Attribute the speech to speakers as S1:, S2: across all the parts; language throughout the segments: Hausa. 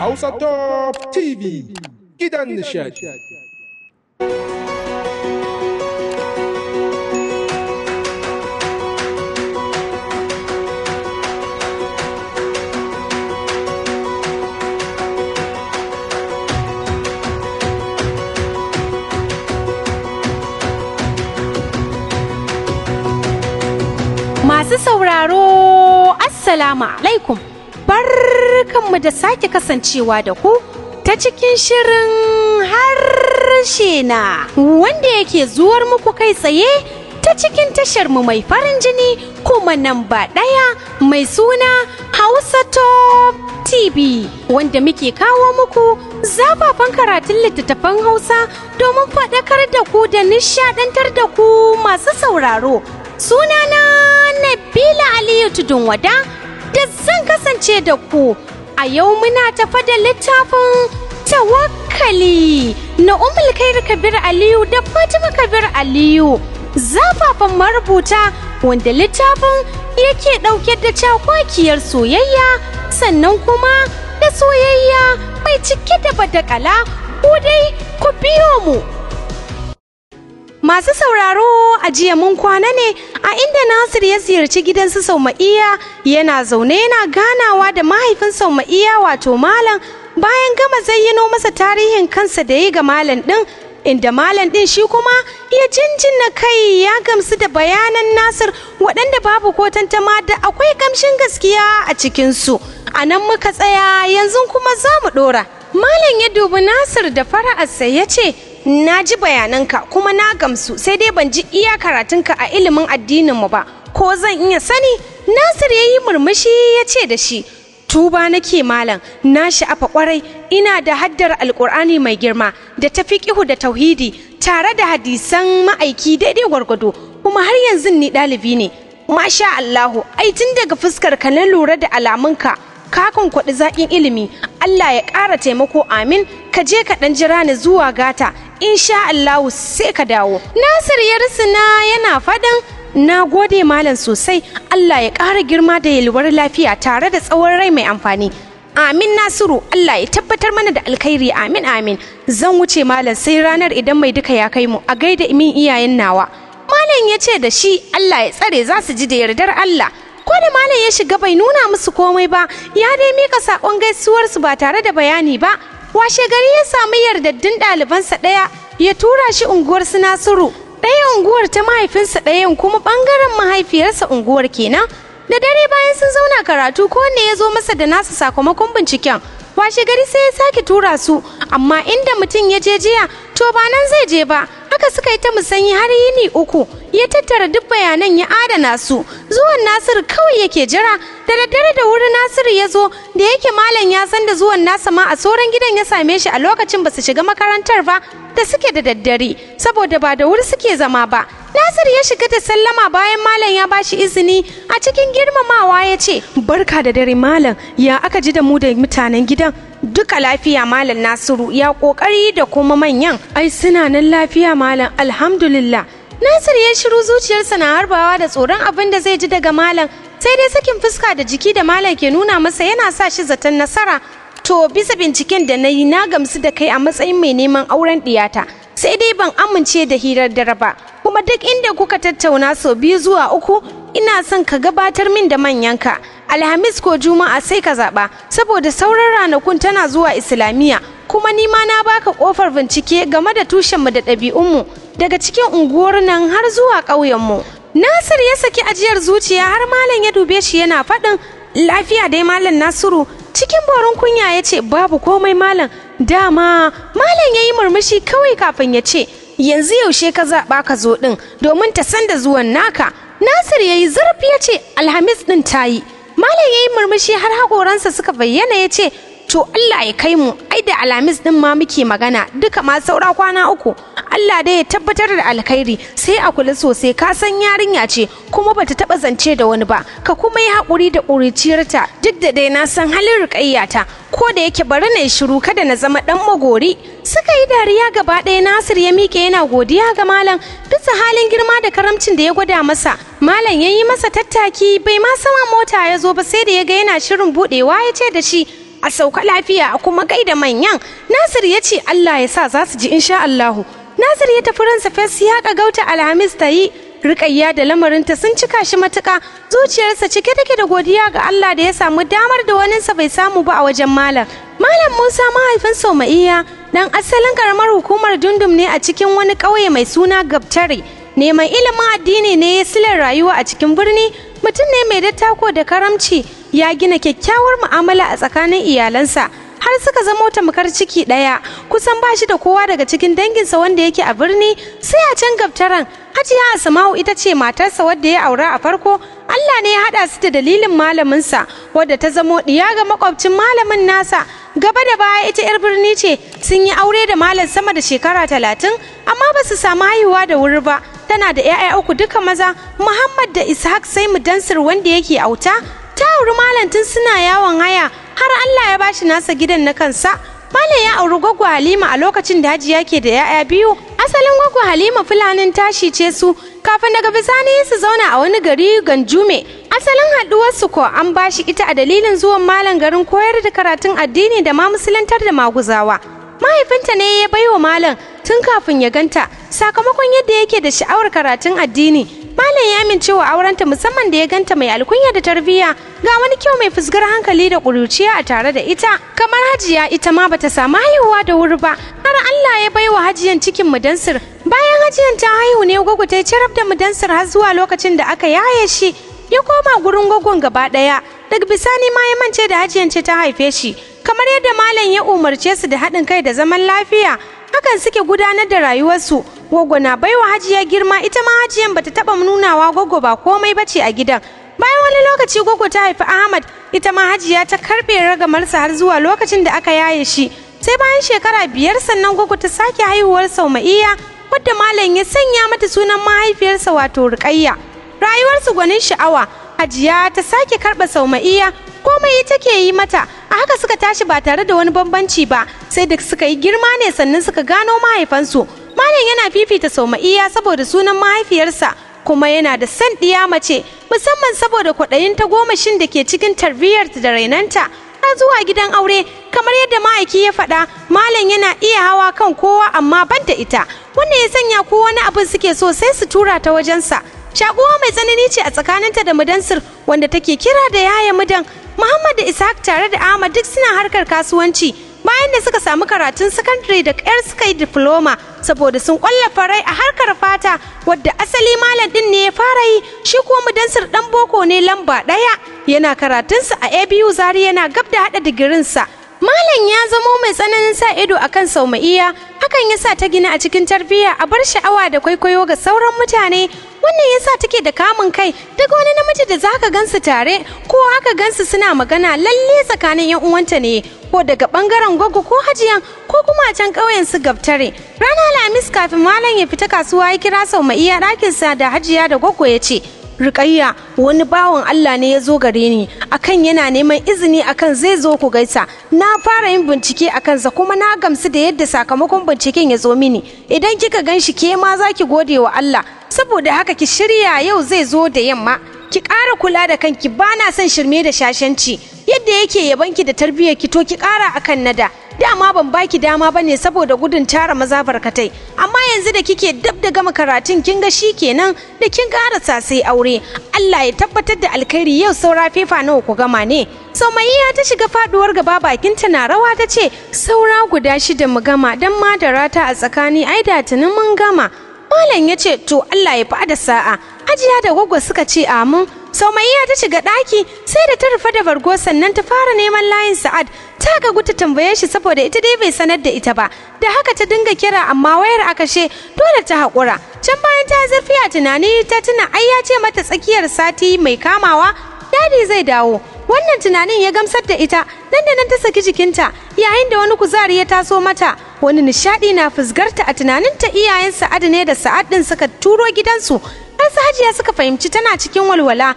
S1: Hausa Top TV gidan nishadi. Masu sauraro, Assalamu alaikum. barkanmu da sake kasancewa da ku ta cikin shirin harshe na wanda yake zuwar muku kai tsaye ta cikin tashar mu mai farin jini kuma nan ba ɗaya mai suna Hausa Top TV wanda muke kawo muku zafafan karatun littattafan Hausa domin faɗakar da ku da nishaɗantar da ku masu sauraro. Suna na Nabila Aliyu Tudun Wada da zan kasance da ku a yau muna tafa da littafin tawakkali na umul kairu kabir aliyu da fatima kabir aliyu zafafan marubuta wanda littafin yake ɗauke da cakwakiyar soyayya sannan kuma da soyayya mai cike da badakala ko dai ku biyo mu Masu sauraro a jiya mun kwana ne a inda Nasir ya ziyarci gidan su Sauma'iya yana zaune yana ganawa da mahaifin Sauma'iya wato Malam bayan gama zayyano masa tarihin kansa da ya ga Malam ɗin inda Malam ɗin shi kuma ya jinjina kai ya gamsu da bayanan Nasir waɗanda babu ko tantama da akwai kamshin gaskiya a cikinsu. A nan muka tsaya yanzu kuma za mu ɗora. Malam ya dubi Nasir da fara'arsa ya ce, na ji bayananka kuma na gamsu sai dai ban ji iya karatunka a ilimin addininmu ba ko zan iya sani nasir ya yi murmushi ya ce da shi tuba nake malam na sha'afa kwarai ina da haddar alkur'ani mai girma da tafi-ƙihu da tauhidi tare da hadisan ma'aiki daidai gwargwado kuma har yanzu ni ɗalibi ne masha Allahu ai tun daga fuskar ka na lura da alamunka ka kwaɗi zaƙin ilimi Allah ya ƙara taimako amin ka je ka ɗan jira ni zuwa gata insha Allahu sai ka dawo Nasir yarsuna yana faɗin na gode malam sosai Allah ya ƙara girma da yalwar lafiya tare da tsawon rai mai amfani amin nasiru Allah ya tabbatar mana da alkhairi amin amin zan wuce malam sai ranar idan mai duka ya kai mu a gaida min iyayen nawa malam ya ce da shi Allah ya tsare za su ji da yardar Allah ko da malam ya shiga bai nuna musu komai ba ya dai mika saƙon gaisuwarsu ba tare da bayani ba washe gari ya samu yardaddun ɗalibansa ɗaya ya tura shi unguwar su nasiru ɗaya unguwar ta mahaifinsa ɗayan kuma ɓangaren mahaifiyarsa unguwar kenan da dare bayan sun zauna karatu ko wanne ya zo masa da nasa sakamakon binciken washe gari sai ya sake tura su amma inda mutum ya je jiya to ba nan zai je ba haka suka yi ta musanyi har yini uku ya tattara duk bayanan ya adana su zuwan nasiru kawai yake jira da daddare da wuri nasiru ya zo da yake malam ya san da zuwan nasa ma a sauran gidan ya same shi a lokacin ba su shiga makarantar ba da suke da daddare saboda ba da wuri suke zama ba nasiru ya shiga da sallama bayan malam ya bashi izini a cikin girmamawa ya ce barka da dare malam ya aka ji da mu da mutanen gidan duka lafiya malam nasiru ya kokari da kuma manyan ai suna nan lafiya malam alhamdulillah nasir ya shiru zuciyarsa na harbawa da tsoron abin da zai ji daga malam sai dai sakin fuska da jiki da malam ke nuna masa yana sa shi zaton nasara to bisa binciken da na yi na gamsu da kai a matsayin mai neman auren diyata sai dai ban amince da hirar dare ba kuma duk inda kuka tattauna sau biyu zuwa uku ina son ka gabatar min da manyanka alhamis ko juma'a sai ka zaɓa saboda sauran ranakun tana zuwa islamiyya kuma ni ma na baka kofar bincike game da tushenmu da ɗabi'unmu daga cikin unguwar nan har zuwa ƙauyenmu nasir ya saki ajiyar zuciya har malam ya dube shi yana faɗin lafiya dai malam nasiru cikin borin kunya ya ce babu komai malam dama malam ya yi murmushi kawai kafin ya ce yanzu yaushe ka zaɓa ka zo ɗin domin ta san da zuwan naka nasir ya yi zurfi ya ce alhamis ɗin ta yi malam ya yi murmushi har hakoransa suka bayyana ya ce to Allah ya kai mu ai da alhamis din ma muke magana duka ma saura kwana uku Allah dai ya tabbatar da alkhairi sai a kula sosai ka san yarinya ce kuma bata taba zance da wani ba ka kuma yi hakuri da ƙuriciyarta duk da dai na san halin riƙayya ta ko da yake bari na shiru kada na zama dan magori suka yi dariya gaba ɗaya Nasir ya mike yana godiya ga malam bisa halin girma da karamcin da ya gwada masa malam ya yi masa tattaki bai ma sama mota ya zo ba sai da ya ga yana shirin buɗewa ya ce da shi a sauka lafiya a kuma gaida manyan Nasir ya ce Allah ya sa za su ji insha Allahu Nasir ya tafi ransa fes ya ka gauta Alhamis ta yi rikayya da lamarinta sun cika shi matuka zuciyarsa cike take da godiya ga Allah da ya samu damar da waninsa bai samu ba a wajen malam malam Musa mahaifin Somaiya dan asalin karamar hukumar Dundum ne a cikin wani ƙauye mai suna Gabtare neman ilimin addini ne ya silar rayuwa a cikin birni mutum ne mai dattako da karamci ya gina kyakkyawar mu'amala a tsakanin iyalansa har suka zamo tamkar ciki ɗaya kusan ba shi da kowa daga cikin danginsa wanda yake a birni sai a can gabtaran hajiya asma'u ita ce matarsa wadda ya aura a farko allah ne ya haɗa su da dalilin malaminsa wadda ta zamo ɗiya ga makwabcin malamin nasa gaba da baya ita 'yar birni ce sun yi aure da malam sama da shekara talatin amma ba su samu haihuwa da wuri ba tana da 'ya'ya uku duka maza muhammad da ishaq sai mu dansir wanda yake auta ta auri malam tun suna yawon haya har Allah ya bashi nasa gidan na kansa Malam ya auri gwaggo Halima a lokacin da Hajiya ke da 'ya'ya biyu. Asalin gwaggo Halima Fulanin tashi ce su kafin daga bisani su zauna a wani gari ganjume. Asalin haɗuwarsu ko an bashi ita a dalilin zuwan malam garin koyar da karatun addini da ma musulantar da maguzawa. Mahaifinta ne ya baiwa malam tun kafin ya ganta sakamakon yadda yake da sha'awar karatun addini. malam ya wa aurenta musamman da ya ganta mai alkunya da tarbiyya ga wani kyau mai fusgar hankali da ƙuruciya a tare da ita kamar hajiya ita ma bata samu haihuwa da wuri ba har Allah ya baiwa hajiyan cikin mudansir bayan hajiyan ta haihu ne gwaggo ta cirab da mudansir har zuwa lokacin da aka yaye shi ya koma gurin gwaggon gaba ɗaya daga bisani ma ya mance da hajiyan ce ta haife shi kamar yadda malam ya umarce su da haɗin kai da zaman lafiya hakan suke gudanar da rayuwarsu gogo na baiwa hajiya girma ita ma hajiyan bata taba nunawa gogo ba komai bace a gidan bayan wani lokaci gogo ta haifi ahmad ita ma hajiya ta karbe ragamarsa har zuwa lokacin da aka yaye shi sai bayan shekara biyar sannan gogo ta sake haihuwar sauma'iya wadda malam ya sanya mata sunan mahaifiyarsa wato rukayya rayuwarsu gwanin sha'awa hajiya ta sake karɓa sauma'iya komai take yi mata a haka suka tashi ba tare da wani bambanci ba sai da suka yi girma ne sannan suka gano mahaifansu malam yana fifita sauma'iya saboda sunan mahaifiyarsa kuma yana da san ɗiya mace musamman saboda kwaɗayin ta goma shin da ke cikin tarbiyyarta da rainanta har zuwa gidan aure kamar yadda ma'aiki ya faɗa malam yana iya hawa kan kowa amma da ita wannan ya sanya ko wani abin suke so sai su tura ta wajensa shakuwa mai tsanani ce a tsakaninta da mudansir wanda take kira da yaya mudan Muhammad da Isaac tare da Ahmad duk suna harkar kasuwanci bayan da suka samu karatun sakandare da ƙyar suka yi diploma saboda sun ƙwallafa rai a harkar fata wadda asali malam ɗin ne ya fara yi shi kuwa mudansir ɗan boko ne lamba ɗaya yana karatunsa a abu zari yana gab da haɗa digirinsa malam ya zamo mai tsananin sa ido a kan sauma'iya hakan ya sa ta gina a cikin tarbiyya a bar sha'awa da kwaikwayo ga sauran mutane wannan yasa take da kamun kai duk wani namiji da zaka gansu tare ko aka gansu suna magana lalle tsakanin yan uwanta ne ko daga bangaren gwaggo ko hajiyan ko kuma a can ƙauyen su gabtare rana alhamis kafin malam ya fita kasuwa ya kira sau mai iya ɗakinsa da hajiya da gwaggo ya ce Rukayya wani bawan Allah ne ya zo gare ni akan yana neman izini akan zai zo ku gaisa na fara yin bincike a kansa kuma na gamsu da yadda sakamakon binciken ya zo mini idan kika ganshi shi ke ma za ki gode wa Allah saboda haka ki shirya yau zai zo da yamma ki ƙara kula da kanki bana son shirme da shashanci yadda yake yabanki da tarbiyyar ki to ki ƙara akan nada dama ban baki dama bane saboda gudun tara maza barkatai amma yanzu da kike dab da gama karatun kin ga kenan da kin karasa sai aure Allah ya tabbatar da alkhairi yau saura fefa nawa ku gama ne Somaiya ta shiga faduwar gaba bakinta na rawa ta ce saura guda shida mu gama dan madara ta a tsakani ai da tunin mun gama Malam ya ce to Allah ya fa'ada sa'a ajiya da gwagwa suka ce amin sau ya ta shiga ɗaki sai da ta rufe da bargo sannan ta fara neman layin Sa'ad. Ta gagu ta tambaye shi saboda ita dai bai sanar da ita ba. Da haka ta dinga kira amma wayar a kashe dole ta haƙura. Can bayan ta zurfi a tunani ta tuna ai ya ce mata tsakiyar sati mai kamawa Yadi zai dawo. Wannan tunanin ya gamsar da ita nan da nan ta saki jikinta yayin da wani kuzari ya taso mata. Wani nishaɗi na fusgarta a tunanin ta iyayen Sa'ad ne da Sa'ad ɗin suka turo gidansu ai hajiya suka fahimci tana cikin walwala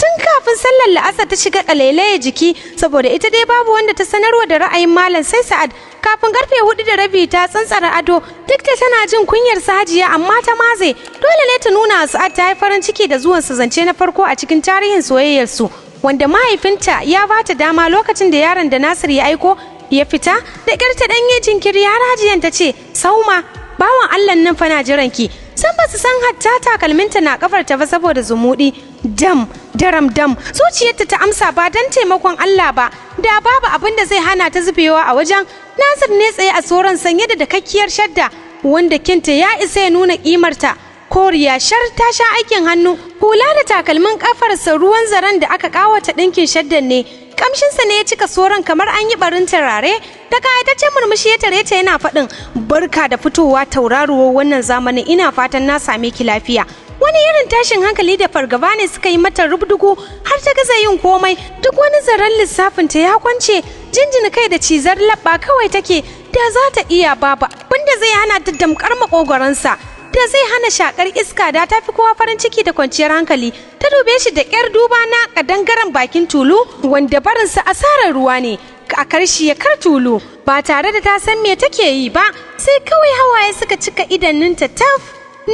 S1: tun kafin sallar la'asar ta shiga kalailaye jiki saboda ita dai babu wanda ta sanarwa da ra'ayin malam sai sa'ad kafin karfe hudu da rabi ta tsantsara ado duk da tana jin kunyar sajiya amma ta maze dole ne ta nuna sa'ad ta yi farin ciki da zuwan su zance na farko a cikin tarihin soyayyarsu. wanda mahaifinta ya ba ta dama lokacin da yaron da Nasir ya aiko ya fita da ƙirta ɗanye jinkiri har hajiyan ta ce sauma bawan Allah nan fana na jiranki san ba su san hatta takalminta na kafarta ba saboda zumudi dam daram dam zuciyarta ta amsa ba don taimakon Allah ba da babu abin da zai hana ta zubewa a wajen Nasir ne tsaye a tsoron sanye da dakakkiyar shadda wanda kinta ya isa ya nuna kimarta koriya shar ta sha aikin hannu hula da takalmin kafarsa ruwan zaren da aka kawata ɗinkin shaddan ne kamshinsa ne ya cika soran kamar an yi barin tarare? ta kayataccen murmushi ya tare ta yana faɗin barka da fitowa tauraruwa wannan zamanin ina fatan na same ki lafiya wani irin tashin hankali da fargaba ne suka yi mata rubdugu har ta gaza yin komai duk wani zaren lissafin ta ya kwance jinjin kai da cizar labba kawai take da za ta iya baba Banda zai hana ta damkar makogoransa da zai hana shakar iska da ta fi kowa farin ciki da kwanciyar hankali ta dube shi da ƙyar duba na kadangaren bakin tulu wanda barinsa asarar ruwa ne a karshe ya kar tulu ba tare da ta san me take yi ba sai kawai hawaye suka cika idanunta taf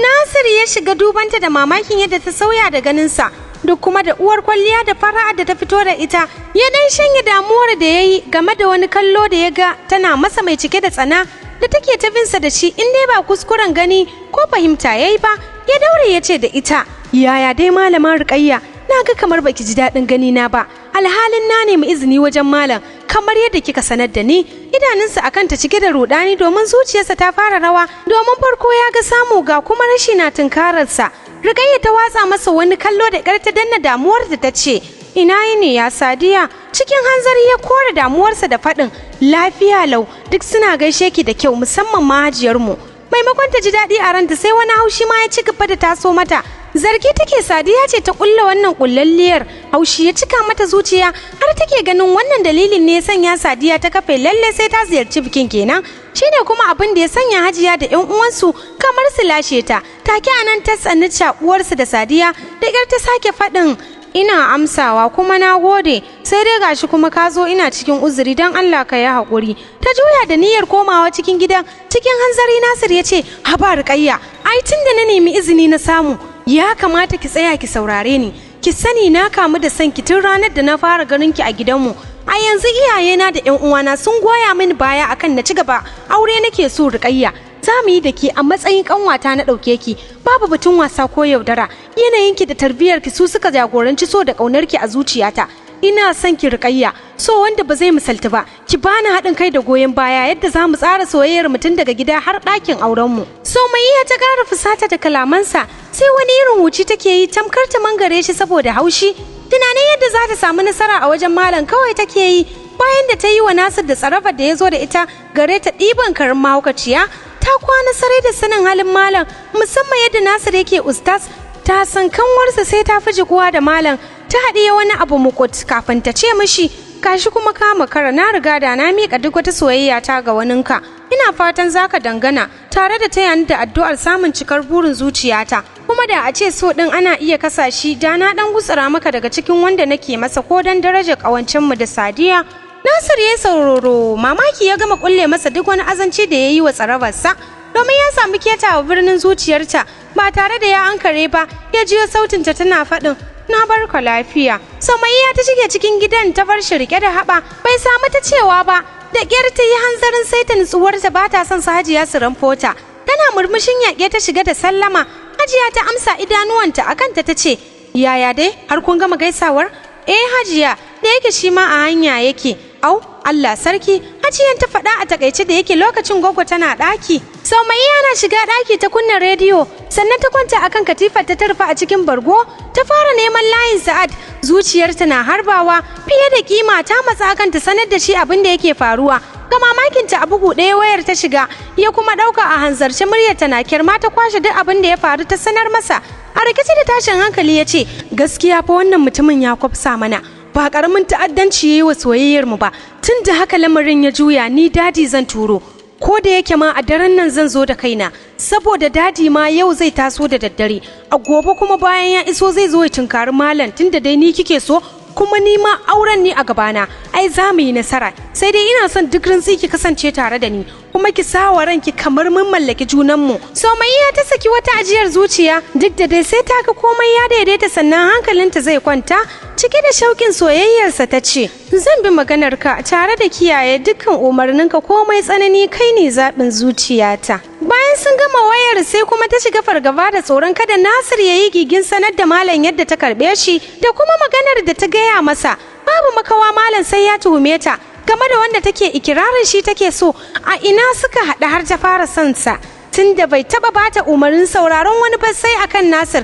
S1: nasir ya shiga dubanta da mamakin yadda ta sauya da ganinsa da kuma da uwar kwalliya da fara'a da ta fito da ita ya dan shanye damuwar da ya yi game da wani kallo da ya ga tana masa mai cike da tsana da take ta binsa da shi in dai ba kuskuren gani ko fahimta ya yi ba ya daure ya ce da ita yaya dai malama rukayya na ga kamar baki ji daɗin gani na ba alhalin na nemi izini wajen malam kamar yadda kika sanar da ni idanunsa akan ta cike da rudani domin zuciyarsa ta fara rawa domin farko ya ga samu ga kuma rashi na tunkararsa rukayya ta watsa masa wani kallo da ƙarta ta danna damuwar da ta ce ina yini ya sadiya cikin hanzari ya kore damuwarsa da faɗin lafiya lau duk suna gaishe ki da kyau musamman mahajiyarmu maimakon ta ji daɗi a ranta sai wani haushi ma ya ci gaba da taso mata zargi take sadiya ce ta kulla wannan kullalliyar haushi ya cika mata zuciya har take ganin wannan dalilin ne ya sanya sadiya ta kafe lalle sai ta ziyarci bikin kenan shine kuma abin da ya sanya hajiya da yan uwansu kamar su lashe ta take anan ta tsani cakuwarsu da sadiya da ƙyar ta sake faɗin ina amsawa kuma na gode sai dai gashi kuma ka zo ina cikin uzuri don Allah ka yi haƙuri ta juya da niyyar komawa cikin gidan cikin hanzari Nasir ya ce haba riƙayya ai tun da na nemi izini na samu ya kamata ki tsaya ki saurare ni ki sani na kamu da sanki tun ranar da na fara ganin ki a gidan mu. a yanzu iyayena da ƴan uwana sun goya mini baya akan na ci gaba aure nake so riƙayya za mu yi da ke a matsayin kanwata na ɗauke ki babu batun wasa ko yaudara yanayinki da tarbiyyarki su suka jagoranci so da ƙaunarki a zuciyata ina son ki riƙayya. so wanda ba zai misalta ba ki bani haɗin kai da goyon baya yadda za mu tsara soyayyar mutum daga gida har ɗakin aurenmu so mai iya ta ƙara fusata da kalamansa sai wani irin wuci take yi tamkar ta mangare shi saboda haushi tunanin yadda za ta samu nasara a wajen malam kawai take yi bayan da ta yi wa nasir da tsarafa da ya zo da ita gare ta ɗiban karin mahaukaciya ta kwana sarai da sanin halin malam musamman yadda nasir yake ustaz ta san kanwarsa sai ta fi jikuwa da malam ta haɗiye wani abu mukut kafin ta ce mishi kashi kuma kama makara na riga da na miƙa duk wata soyayya ta ga waninka ina fatan zaka dangana tare da taya da addu'ar samun cikar burin zuciyata kuma da a ce so ɗin ana iya kasa shi da na ɗan gutsura maka daga cikin wanda nake masa ko dan darajar kawancin mu da sadiya Nasir ya sauraro mamaki ya gama kulle masa duk wani azanci da ya yi wa tsarabarsa domin ya samu keta wa birnin zuciyarta ba tare da ya ankare ba ya jiyo sautinta tana faɗin na barka lafiya. Somaiya ta shige cikin gidan ta bar shi rike da haɓa bai samu ta cewa ba da ƙyar ta yi hanzarin tsuwar ta ba ta son su hajiya su ramfota. Tana murmushin yaƙe ta shiga da sallama hajiya ta amsa idanuwanta a kanta ta ce yaya dai har kun gama gaisawar eh hajiya da yake shi ma a hanya yake au Allah sarki hajiyan ta faɗa a takaice da yake lokacin gogo tana ɗaki sau mai yana shiga ɗaki ta kunna rediyo sannan ta kwanta akan katifa ta tarfa a cikin bargo ta fara neman layin sa'ad zuciyarta na harbawa fiye da kima ta matsa kanta sanar da shi abin da yake faruwa ga mamakinta a bugu ɗaya wayar ta shiga ya kuma ɗauka a hanzarce ta na kirma ta kwashe duk abin da ya faru ta sanar masa a rikici da tashin hankali ya ce gaskiya fa wannan mutumin ya kwafsa mana ba karamin ta'addanci yayi wa soyayyar mu ba tun da haka lamarin ya juya ni dadi zan turo ko da yake ma a daren nan zan zo da kaina saboda dadi ma yau zai taso da daddare a gobe kuma bayan ya iso zai zo ya tunkari malam da dai ni kike so kuma ni ma auren ni a gabana ai za mu yi nasara sai dai ina son duk rinsi ki kasance tare da ni kuma ki sawa ranki kamar mun mallaki junanmu ya ta saki wata ajiyar zuciya duk da dai sai ta ga komai ya daidaita sannan hankalinta zai kwanta cike da shaukin soyayyarsa ta ce zan bi maganarka tare da kiyaye dukkan umarninka komai tsanani kai ne zaɓin zuciyata bayan sun gama wayar sai kuma ta shiga fargaba da tsoron kada nasir ya yi gigin sanar da malam yadda ta karɓe shi da kuma maganar da ta gaya masa babu makawa malam sai ya tuhume ta game da wanda take ikirarin shi take so a ina suka haɗu har ta fara son sa tunda bai taɓa bata umarnin sauraron wani ba sai akan Nasir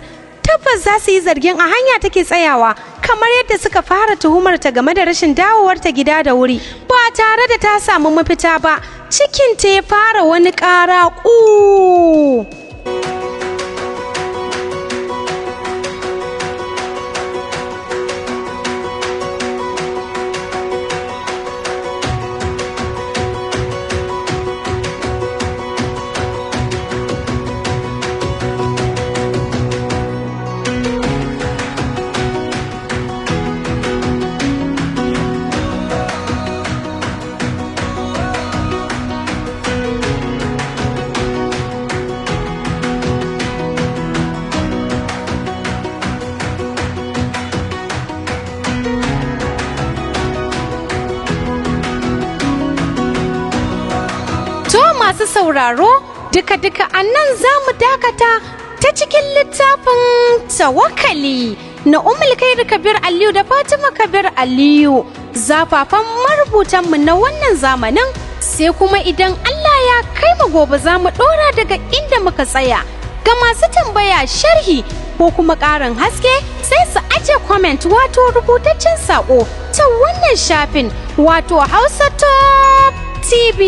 S1: tabbas za su yi zargin a hanya take tsayawa kamar yadda suka fara tuhumar ta game da rashin dawowar ta gida da wuri ba tare da ta samu mafita ba cikin ta ya fara wani ƙara ƙu masu sauraro duka-duka a nan za mu dakata ta cikin littafin tawakali na da kabir aliyu da fatima kabir aliyu zafafan marubutanmu na wannan zamanin sai kuma idan allah ya kai mu gobe za mu ɗora daga inda muka tsaya ga masu tambaya sharhi ko kuma ƙarin haske sai su ajiye comment wato rubutaccen saƙo ta wannan shafin wato hausa top tv